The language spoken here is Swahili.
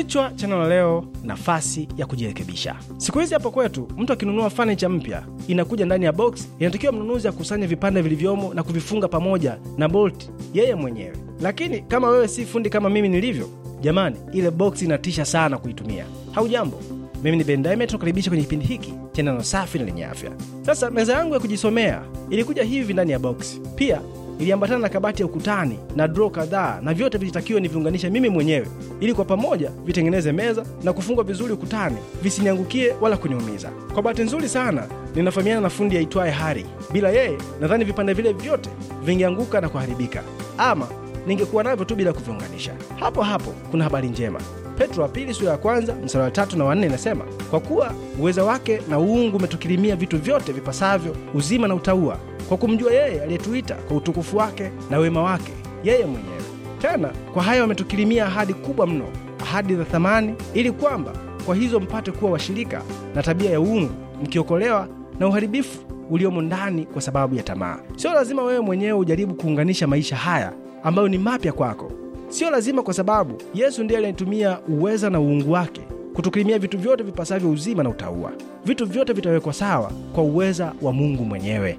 Kichwa cha neno leo, nafasi ya kujirekebisha. Siku hizi hapo kwetu, mtu akinunua fanicha mpya inakuja ndani ya box, inatakiwa mnunuzi akusanye vipande vilivyomo na kuvifunga pamoja na bolti yeye mwenyewe. Lakini kama wewe si fundi kama mimi nilivyo, jamani, ile box inatisha sana kuitumia. Haujambo, mimi ni Ben Diamond, kwenye kipindi hiki cha neno safi na lenye afya. Sasa meza yangu ya kujisomea ilikuja hivi ndani ya box pia iliambatana na kabati ya ukutani na dro kadhaa, na vyote vilitakiwa niviunganishe mimi mwenyewe ili kwa pamoja vitengeneze meza na kufungwa vizuri ukutani visiniangukie wala kuniumiza. Kwa bahati nzuri sana ninafamiana na fundi yaitwaye Hari. Bila yeye, nadhani vipande vile vyote vingeanguka na kuharibika, ama ningekuwa navyo tu bila kuviunganisha. Hapo hapo kuna habari njema. Petro wa pili sura ya kwanza msara wa tatu na wanne inasema, kwa kuwa uweza wake na uungu umetukirimia vitu vyote vipasavyo uzima na utaua kwa kumjua yeye aliyetuita kwa utukufu wake na wema wake yeye mwenyewe. Tena kwa haya wametukirimia ahadi kubwa mno, ahadi za thamani, ili kwamba kwa hizo mpate kuwa washirika na tabia ya uungu, mkiokolewa na uharibifu uliomo ndani kwa sababu ya tamaa. Sio lazima wewe mwenyewe ujaribu kuunganisha maisha haya ambayo ni mapya kwako. Sio lazima, kwa sababu Yesu ndiye alinitumia uweza na uungu wake kutukirimia vitu vyote vipasavyo uzima na utauwa. Vitu vyote vitawekwa sawa kwa uweza wa Mungu mwenyewe.